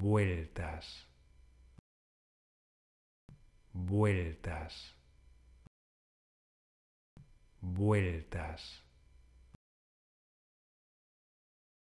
vueltas, vueltas, vueltas.